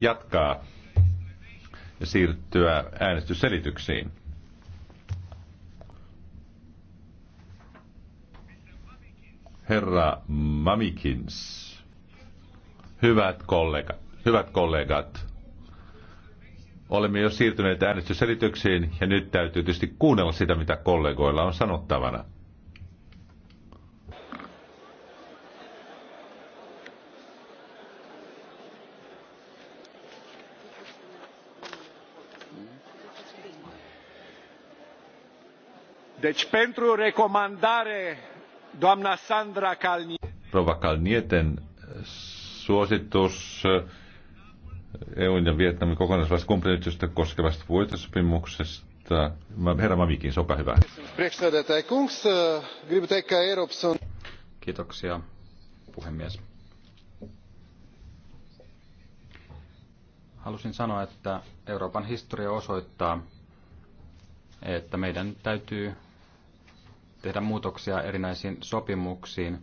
jatkaa ja siirtyä äänestysselityksiin. Herra Mamikins, hyvät kollegat, hyvät kollegat, olemme jo siirtyneet äänestysselityksiin ja nyt täytyy tietysti kuunnella sitä, mitä kollegoilla on sanottavana. Deci pentru recomandare, doamna Sandra Calniete. Rova Calnieten suositus eh, EUn ja Vietnamin kokonaisvasta kumppanuutystä koskevasta puitesopimuksesta. Herra Mamikin, olkaa hyvä. Kiitoksia, puhemies. Halusin sanoa, että Euroopan historia osoittaa, että meidän täytyy tehdä muutoksia erinäisiin sopimuksiin,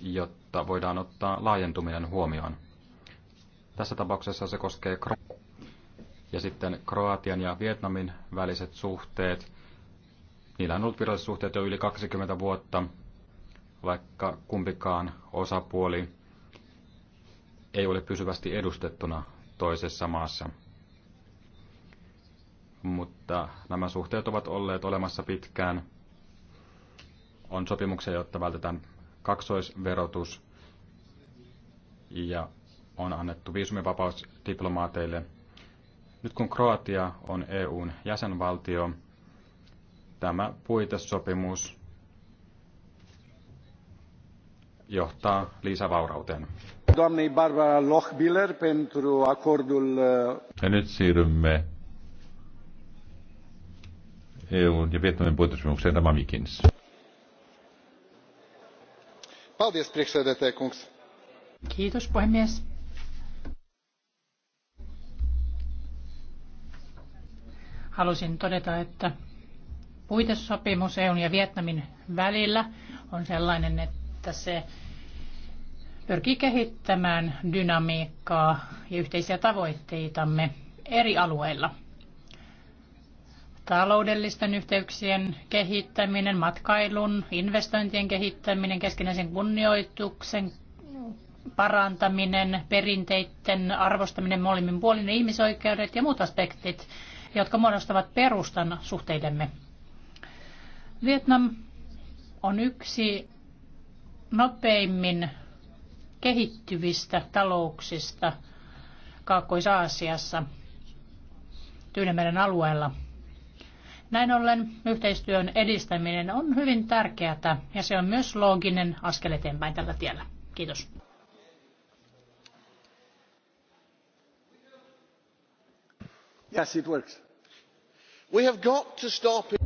jotta voidaan ottaa laajentuminen huomioon. Tässä tapauksessa se koskee Kro- ja sitten Kroatian ja Vietnamin väliset suhteet. Niillä on ollut viralliset suhteet jo yli 20 vuotta, vaikka kumpikaan osapuoli ei ole pysyvästi edustettuna toisessa maassa. Mutta nämä suhteet ovat olleet olemassa pitkään – on sopimuksia, jotta vältetään kaksoisverotus ja on annettu viisumivapaus diplomaateille. Nyt kun Kroatia on EUn jäsenvaltio, tämä puitesopimus johtaa lisävaurauteen. Barbara Lochbiller pentru acordul... Uh, ja nyt siirrymme EUn ja Vietnamin puitesopimukseen Ramamikins. Paldies, Kiitos, puhemies. Halusin todeta, että puitesopimus EUn ja Vietnamin välillä on sellainen, että se pyrkii kehittämään dynamiikkaa ja yhteisiä tavoitteitamme eri alueilla – taloudellisten yhteyksien kehittäminen, matkailun, investointien kehittäminen, keskinäisen kunnioituksen parantaminen, perinteiden arvostaminen molemmin puolin, ihmisoikeudet ja muut aspektit, jotka muodostavat perustan suhteidemme. Vietnam on yksi nopeimmin kehittyvistä talouksista Kaakkois-Aasiassa, Tyynemeren alueella – näin ollen yhteistyön edistäminen on hyvin tärkeää ja se on myös looginen askel eteenpäin tällä tiellä. Kiitos. Yes, it works. We have got to stop it.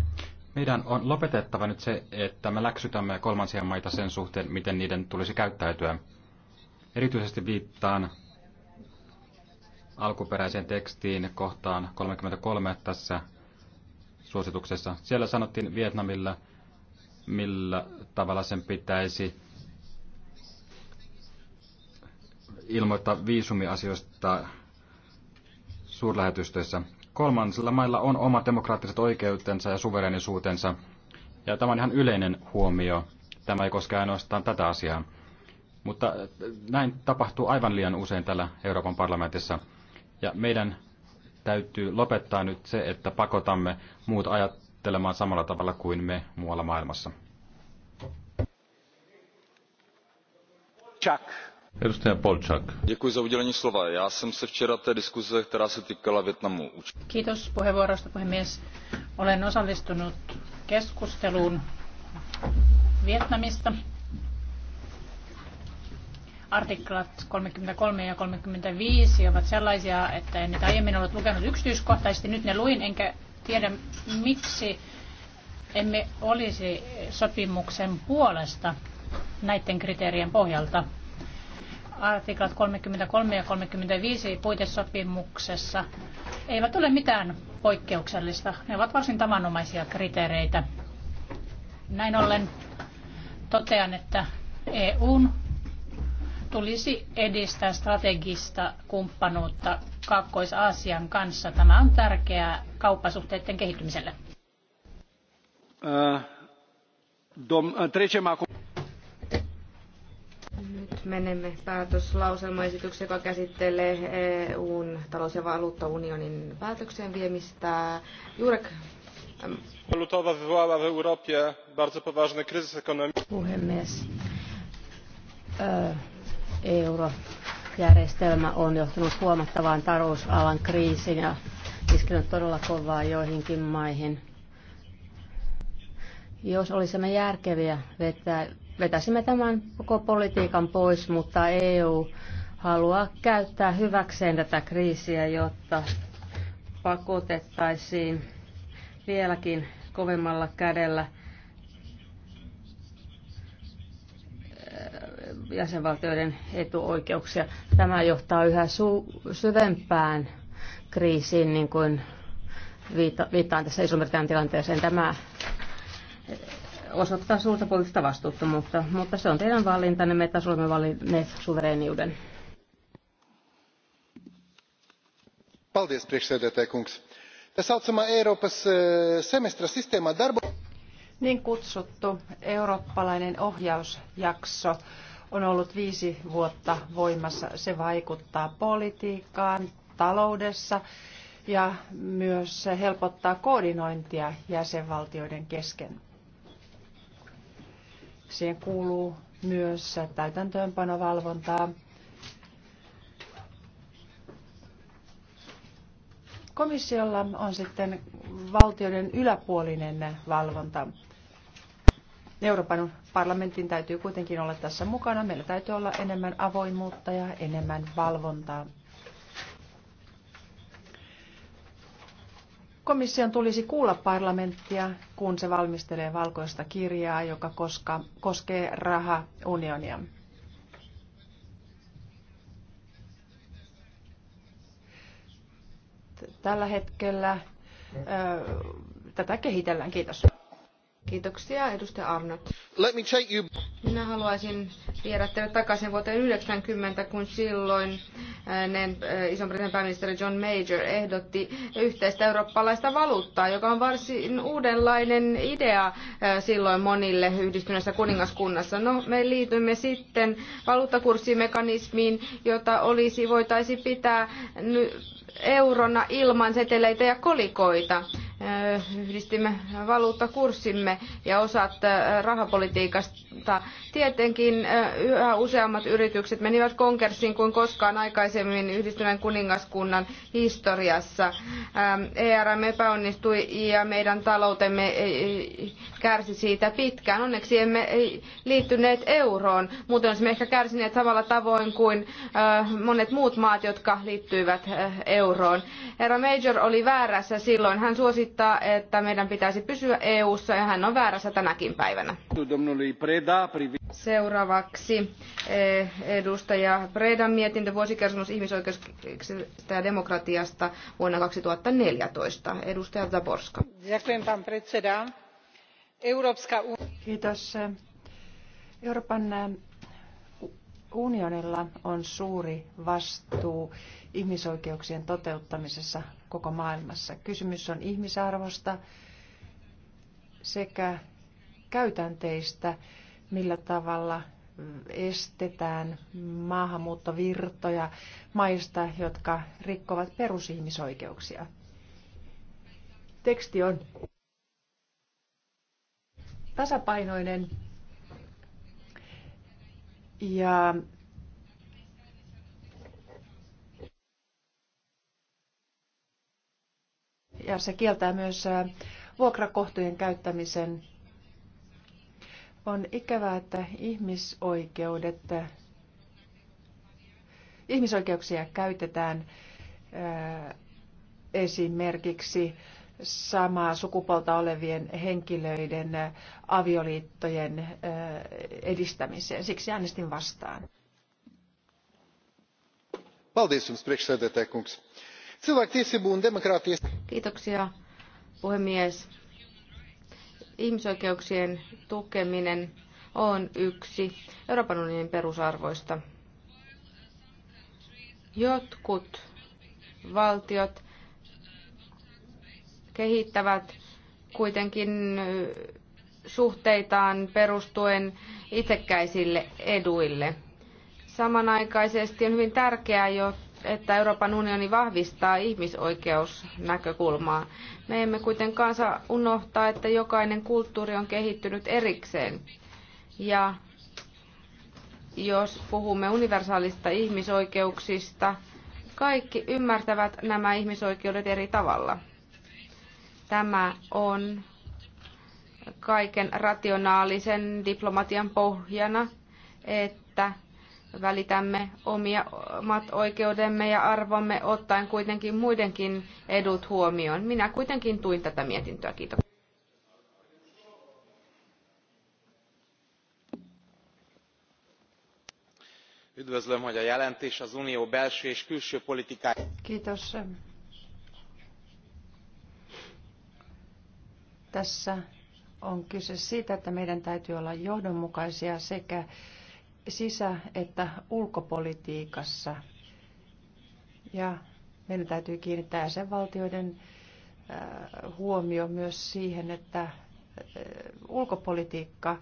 Meidän on lopetettava nyt se, että me läksytämme kolmansia maita sen suhteen, miten niiden tulisi käyttäytyä. Erityisesti viittaan alkuperäiseen tekstiin kohtaan 33 tässä suosituksessa. Siellä sanottiin Vietnamilla, millä tavalla sen pitäisi ilmoittaa viisumiasioista suurlähetystöissä. Kolmansilla mailla on oma demokraattiset oikeutensa ja suverenisuutensa. Ja tämä on ihan yleinen huomio. Tämä ei koske ainoastaan tätä asiaa. Mutta näin tapahtuu aivan liian usein täällä Euroopan parlamentissa. Ja meidän täytyy lopettaa nyt se, että pakotamme muut ajattelemaan samalla tavalla kuin me muualla maailmassa. Chuck. Edustaja Polčák. Děkuji za udělení slova. Já jsem se včera té diskuze, která se týkala Větnamu. Kiitos puheenvuorosta, puhemies. Olen osallistunut keskusteluun Vietnamista artiklat 33 ja 35 ovat sellaisia, että en niitä aiemmin ollut lukenut yksityiskohtaisesti. Nyt ne luin, enkä tiedä miksi emme olisi sopimuksen puolesta näiden kriteerien pohjalta. Artiklat 33 ja 35 puitesopimuksessa eivät ole mitään poikkeuksellista. Ne ovat varsin tavanomaisia kriteereitä. Näin ollen totean, että EUn tulisi edistää strategista kumppanuutta Kaakkois-Aasian kanssa. Tämä on tärkeää kauppasuhteiden kehittymiselle. Äh, äh, Nyt menemme päätöslauselmaesitykseen, joka käsittelee EUn talous- ja valuuttaunionin päätökseen viemistä. Jurek. Walutowa wywołała w bardzo poważny kryzys Puhemies eurojärjestelmä on johtanut huomattavaan talousalan kriisiin ja iskenyt todella kovaa joihinkin maihin. Jos olisimme järkeviä, vetää, vetäisimme tämän koko politiikan pois, mutta EU haluaa käyttää hyväkseen tätä kriisiä, jotta pakotettaisiin vieläkin kovemmalla kädellä – jäsenvaltioiden etuoikeuksia. Tämä johtaa yhä su- syvempään kriisiin, niin kuin viita- viittaan tässä iso tilanteeseen. Tämä osoittaa suurta poliittista vastuuttomuutta, mutta se on teidän valintanne, me taas olemme valinneet suvereeniuden. Paldies, priekšsēdētāj eh, darbo... Niin kutsuttu eurooppalainen ohjausjakso on ollut viisi vuotta voimassa. Se vaikuttaa politiikkaan, taloudessa ja myös helpottaa koordinointia jäsenvaltioiden kesken. Siihen kuuluu myös täytäntöönpanovalvontaa. Komissiolla on sitten valtioiden yläpuolinen valvonta. Euroopan parlamentin täytyy kuitenkin olla tässä mukana. Meillä täytyy olla enemmän avoimuutta ja enemmän valvontaa. Komission tulisi kuulla parlamenttia, kun se valmistelee valkoista kirjaa, joka koska, koskee rahaunionia. Tällä hetkellä ö, tätä kehitellään. Kiitos. Kiitoksia, edustaja Arnott. Let me take you... Minä haluaisin viedä teidät takaisin vuoteen 90, kun silloin ison britannian pääministeri John Major ehdotti yhteistä eurooppalaista valuuttaa, joka on varsin uudenlainen idea silloin monille yhdistyneessä kuningaskunnassa. No, me liitymme sitten valuuttakurssimekanismiin, jota olisi voitaisi pitää eurona ilman seteleitä ja kolikoita yhdistimme valuuttakurssimme ja osat rahapolitiikasta. Tietenkin yhä useammat yritykset menivät konkurssiin kuin koskaan aikaisemmin yhdistyneen kuningaskunnan historiassa. ERM epäonnistui ja meidän taloutemme kärsi siitä pitkään. Onneksi emme liittyneet euroon, muuten olisimme ehkä kärsineet samalla tavoin kuin monet muut maat, jotka liittyivät euroon. Herra Major oli väärässä silloin. Hän suositti osoittaa, että meidän pitäisi pysyä EU-ssa ja hän on väärässä tänäkin päivänä. Seuraavaksi eh, edustaja Predan mietintö vuosikertomus ihmisoikeuksista ja demokratiasta vuonna 2014. Edustaja Zaborska. Kiitos. Euroopan eh, unionilla on suuri vastuu ihmisoikeuksien toteuttamisessa koko maailmassa. Kysymys on ihmisarvosta sekä käytänteistä, millä tavalla estetään maahanmuuttovirtoja maista, jotka rikkovat perusihmisoikeuksia. Teksti on tasapainoinen ja ja se kieltää myös vuokrakohtujen käyttämisen. On ikävää, että ihmisoikeudet, ihmisoikeuksia käytetään esimerkiksi samaa sukupuolta olevien henkilöiden avioliittojen edistämiseen. Siksi äänestin vastaan. Paldies jums, priekšsēdētāj kungs Kiitoksia, puhemies. Ihmisoikeuksien tukeminen on yksi Euroopan unionin perusarvoista. Jotkut valtiot kehittävät kuitenkin suhteitaan perustuen itsekkäisille eduille. Samanaikaisesti on hyvin tärkeää, jotta että Euroopan unioni vahvistaa ihmisoikeusnäkökulmaa. Me emme kuitenkaan saa unohtaa, että jokainen kulttuuri on kehittynyt erikseen. Ja jos puhumme universaalista ihmisoikeuksista, kaikki ymmärtävät nämä ihmisoikeudet eri tavalla. Tämä on kaiken rationaalisen diplomatian pohjana, että välitämme omia, omat oikeudemme ja arvomme ottaen kuitenkin muidenkin edut huomioon. Minä kuitenkin tuin tätä mietintöä. Kiitos. üdvözlöm hogy a jelentés az unió belső és külső Kiitos. tässä on kyse siitä että meidän täytyy olla johdonmukaisia sekä sisä- että ulkopolitiikassa. Ja meidän täytyy kiinnittää jäsenvaltioiden huomio myös siihen, että ulkopolitiikka,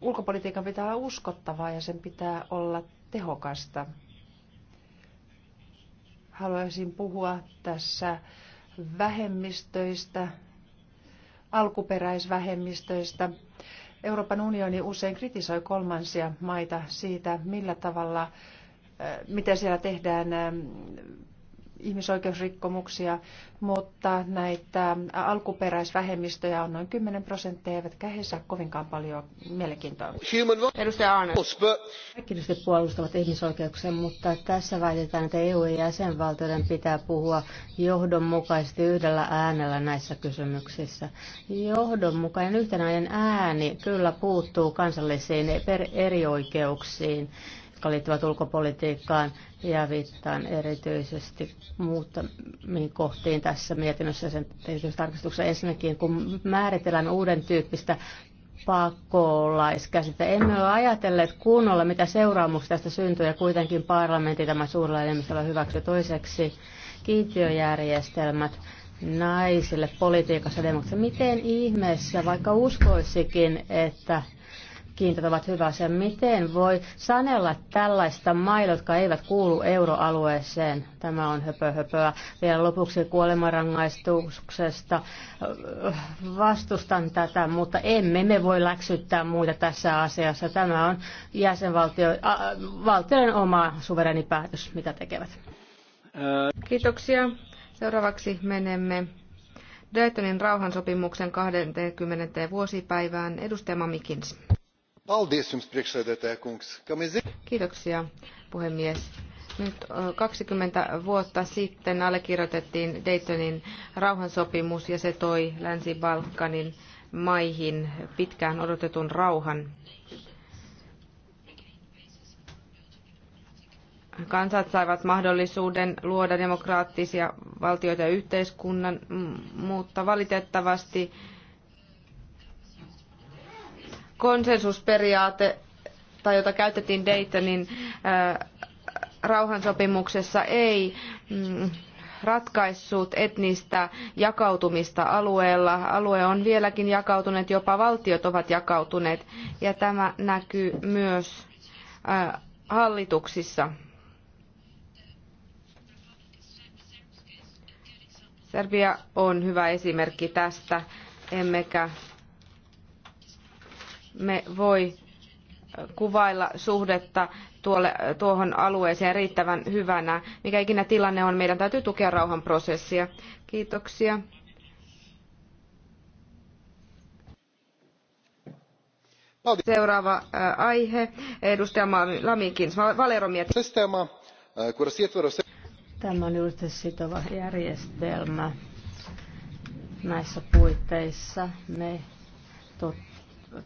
ulkopolitiikan pitää olla uskottavaa ja sen pitää olla tehokasta. Haluaisin puhua tässä vähemmistöistä, alkuperäisvähemmistöistä Euroopan unioni usein kritisoi kolmansia maita siitä, millä tavalla, eh, mitä siellä tehdään eh, ihmisoikeusrikkomuksia, mutta näitä alkuperäisvähemmistöjä on noin 10 prosenttia, eivätkä he saa kovinkaan paljon mielenkiintoa. Edustaja Arne. Kaikki puolustavat ihmisoikeuksia, mutta tässä väitetään, että EU-jäsenvaltioiden pitää puhua johdonmukaisesti yhdellä äänellä näissä kysymyksissä. Johdonmukainen yhtenäinen ääni kyllä puuttuu kansallisiin eri oikeuksiin jotka liittyvät ulkopolitiikkaan ja viittaan erityisesti muutamiin kohtiin tässä mietinnössä sen tarkastuksessa Ensinnäkin, kun määritellään uuden tyyppistä pakolaiskäsitettä, Emme ole ajatelleet kunnolla, mitä seuraamuksia tästä syntyy, ja kuitenkin parlamentti tämä suurella enemmistöllä hyväksyi toiseksi kiintiöjärjestelmät naisille politiikassa demokratiassa. Miten ihmeessä, vaikka uskoisikin, että kiintot ovat hyvä asia. Miten voi sanella tällaista mailla, jotka eivät kuulu euroalueeseen? Tämä on höpö höpöä. Vielä lopuksi kuolemanrangaistuksesta. Vastustan tätä, mutta emme me voi läksyttää muita tässä asiassa. Tämä on jäsenvaltioiden oma suvereni päätös, mitä tekevät. Kiitoksia. Seuraavaksi menemme Daytonin rauhansopimuksen 20. vuosipäivään. Edustaja Mamikins. Kiitoksia, puhemies. Nyt 20 vuotta sitten allekirjoitettiin Daytonin rauhansopimus ja se toi Länsi-Balkanin maihin pitkään odotetun rauhan. Kansat saivat mahdollisuuden luoda demokraattisia valtioita ja yhteiskunnan, mutta valitettavasti konsensusperiaate, tai jota käytettiin Daytonin äh, rauhansopimuksessa, ei mm, ratkaissut etnistä jakautumista alueella. Alue on vieläkin jakautunut, jopa valtiot ovat jakautuneet, ja tämä näkyy myös äh, hallituksissa. Serbia on hyvä esimerkki tästä, emmekä me voi kuvailla suhdetta tuolle, tuohon alueeseen riittävän hyvänä. Mikä ikinä tilanne on, meidän täytyy tukea rauhanprosessia. Kiitoksia. Seuraava äh, aihe, edustaja Lamikin, Valero äh, Tämä on juuri sitova järjestelmä näissä puitteissa. Me totta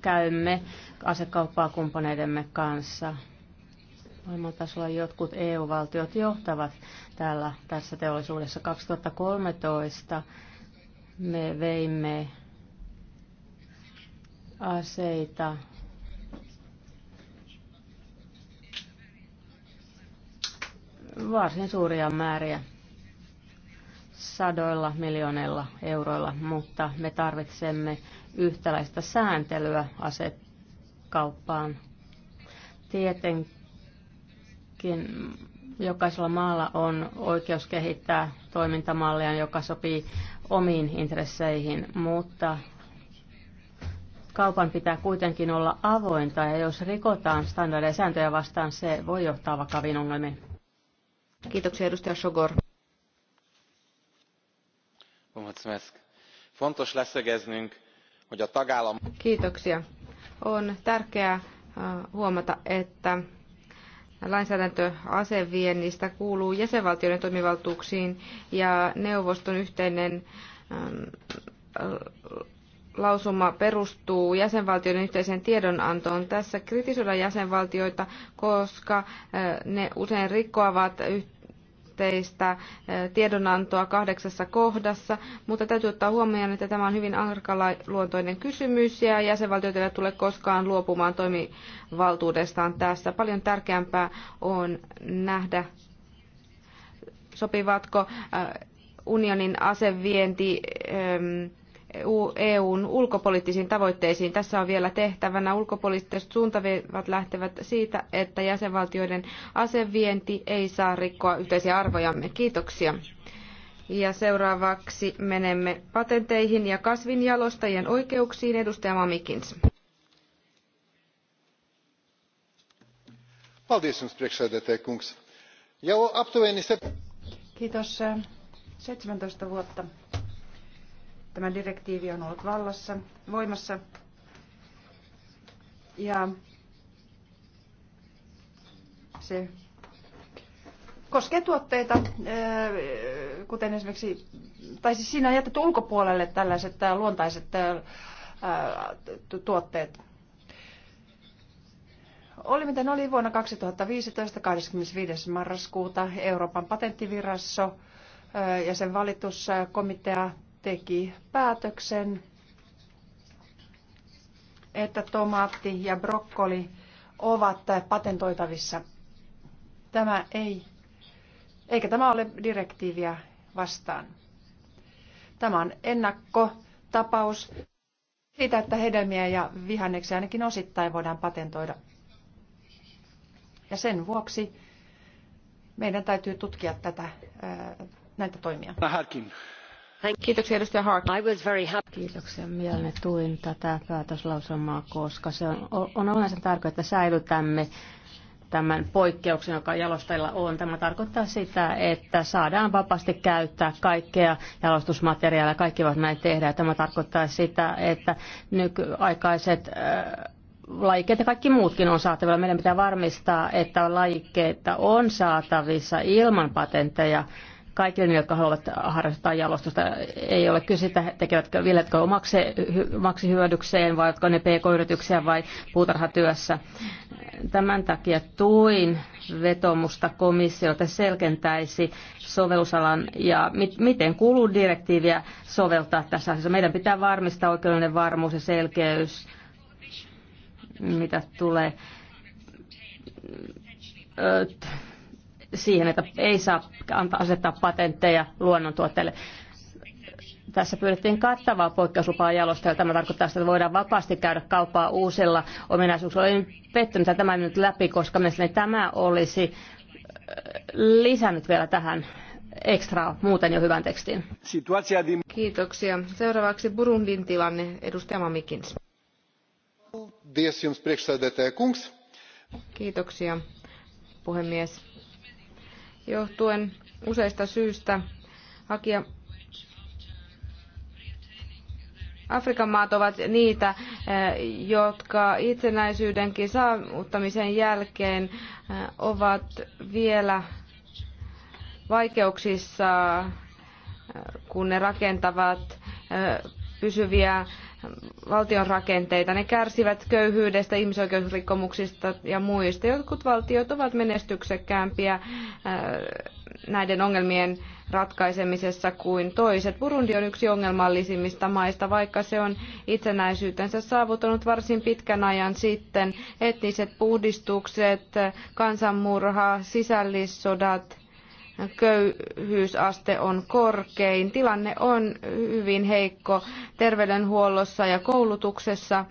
käymme asekauppaa kumppaneidemme kanssa. tasolla jotkut EU-valtiot johtavat täällä, tässä teollisuudessa. 2013 me veimme aseita varsin suuria määriä sadoilla miljoonilla euroilla, mutta me tarvitsemme yhtäläistä sääntelyä asekauppaan. Tietenkin jokaisella maalla on oikeus kehittää toimintamallia, joka sopii omiin intresseihin, mutta kaupan pitää kuitenkin olla avointa ja jos rikotaan standardeja sääntöjä vastaan, se voi johtaa vakaviin ongelmiin. Kiitoksia edustaja Shogor fontos leszögeznünk hogy a tagállamok. kiitoksia on tärkeää huomata että lainsäädäntö aseviennistä kuuluu jäsenvaltioiden toimivaltuuksiin ja neuvoston yhteinen lausuma perustuu jäsenvaltioiden yhteiseen tiedonantoon. Tässä kritisoidaan jäsenvaltioita, koska ne usein rikkoavat yhteistä tiedonantoa kahdeksassa kohdassa, mutta täytyy ottaa huomioon, että tämä on hyvin arkaluontoinen kysymys ja jäsenvaltiot eivät tule koskaan luopumaan toimivaltuudestaan tässä. Paljon tärkeämpää on nähdä, sopivatko unionin asevienti ähm, EUn ulkopoliittisiin tavoitteisiin. Tässä on vielä tehtävänä. Ulkopoliittiset suuntaviivat lähtevät siitä, että jäsenvaltioiden asevienti ei saa rikkoa yhteisiä arvojamme. Kiitoksia. Ja seuraavaksi menemme patenteihin ja kasvinjalostajien oikeuksiin. Edustaja Mamikins. Kiitos. 17 vuotta Tämä direktiivi on ollut vallassa, voimassa. Ja se koskee tuotteita, äh, kuten esimerkiksi, tai siis siinä on jätetty ulkopuolelle tällaiset äh, luontaiset äh, tuotteet. Oli miten oli vuonna 2015 25. marraskuuta Euroopan patenttivirasto ja sen valituskomitea teki päätöksen, että tomaatti ja brokkoli ovat patentoitavissa. Tämä ei, eikä tämä ole direktiiviä vastaan. Tämä on ennakkotapaus siitä, että hedelmiä ja vihanneksia ainakin osittain voidaan patentoida. Ja sen vuoksi meidän täytyy tutkia tätä, näitä toimia. Kiitoksia edustaja Hart. I was very happy. Kiitoksia mielelläni tuin tätä päätöslauselmaa, koska se on, on olennaisen tärkeää, että säilytämme tämän poikkeuksen, joka jalostajilla on. Tämä tarkoittaa sitä, että saadaan vapaasti käyttää kaikkea jalostusmateriaalia. Kaikki voivat näin tehdä. Tämä tarkoittaa sitä, että nykyaikaiset äh, lajikkeet ja kaikki muutkin on saatavilla. Meidän pitää varmistaa, että lajikkeita on saatavissa ilman patentteja kaikille, jotka haluavat harrastaa jalostusta. Ei ole kyse, että tekevätkö viljatkö omaksi, omaksi hyödykseen vai ovatko ne pk-yrityksiä vai puutarhatyössä. Tämän takia tuin vetomusta komissiota selkentäisi sovellusalan ja mit, miten kuuluu direktiiviä soveltaa tässä asiassa. Meidän pitää varmistaa oikeudellinen varmuus ja selkeys, mitä tulee siihen, että ei saa antaa, asettaa patentteja luonnontuotteille. Tässä pyydettiin kattavaa poikkeuslupaa jalosta, tämä tarkoittaa sitä, että voidaan vapaasti käydä kauppaa uusilla ominaisuuksilla. Olin pettynyt, että tämä ei nyt läpi, koska mielestäni tämä olisi äh, lisännyt vielä tähän ekstra muuten jo hyvän tekstin. Kiitoksia. Seuraavaksi Burundin tilanne. Edustaja Mamikins. Kiitoksia, puhemies johtuen useista syistä. Hakija Afrikan maat ovat niitä, eh, jotka itsenäisyydenkin saavuttamisen jälkeen eh, ovat vielä vaikeuksissa, eh, kun ne rakentavat pysyviä valtion rakenteita. Ne kärsivät köyhyydestä, ihmisoikeusrikkomuksista ja muista. Jotkut valtiot ovat menestyksekkäämpiä äh, näiden ongelmien ratkaisemisessa kuin toiset. Burundi on yksi ongelmallisimmista maista, vaikka se on itsenäisyytensä saavuttanut varsin pitkän ajan sitten. Etniset puhdistukset, kansanmurha, sisällissodat köyhyysaste on korkein. Tilanne on hyvin heikko terveydenhuollossa ja koulutuksessa.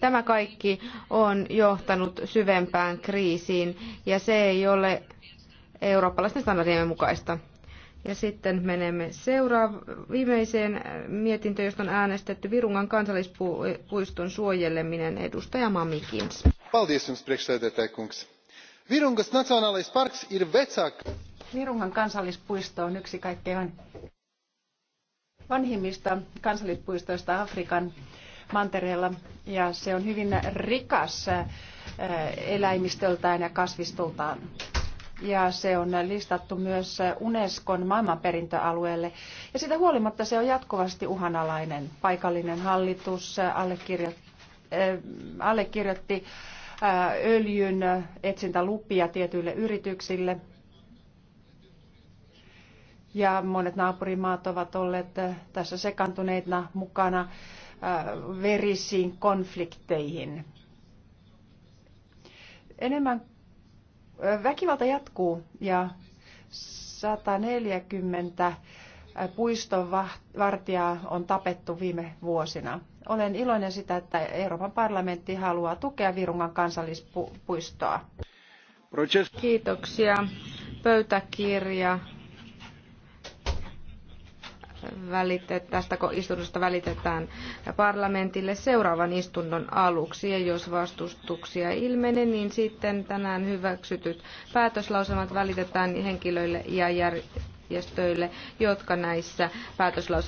Tämä kaikki on johtanut syvempään kriisiin ja se ei ole eurooppalaisten standardien mukaista. Ja sitten menemme seuraavaan viimeiseen mietintöön, josta on äänestetty Virungan kansallispuiston suojeleminen edustaja Mamikins. Paldies jums, kungs. Virungas ir vecāk. Virungan kansallispuisto on yksi kaikkein vanhimmista kansallispuistoista Afrikan mantereella ja se on hyvin rikas äh, eläimistöltään ja kasvistoltaan. Ja se on listattu myös Unescon maailmanperintöalueelle. Ja siitä huolimatta se on jatkuvasti uhanalainen. Paikallinen hallitus äh, äh, allekirjoitti, allekirjoitti Äh, öljyn äh, etsintälupia tietyille yrityksille. Ja monet naapurimaat ovat olleet äh, tässä sekantuneita mukana verisiin konflikteihin. Enemmän väkivalta jatkuu ja 140 puiston vartijaa on tapettu viime vuosina. Olen iloinen sitä, että Euroopan parlamentti haluaa tukea Virungan kansallispuistoa. Kiitoksia. Pöytäkirja tästä istunnosta välitetään parlamentille seuraavan istunnon aluksi. Ja jos vastustuksia ilmenee, niin sitten tänään hyväksytyt päätöslausemat välitetään henkilöille ja järjestelmille järjestöille, jotka näissä päätöslauselmissa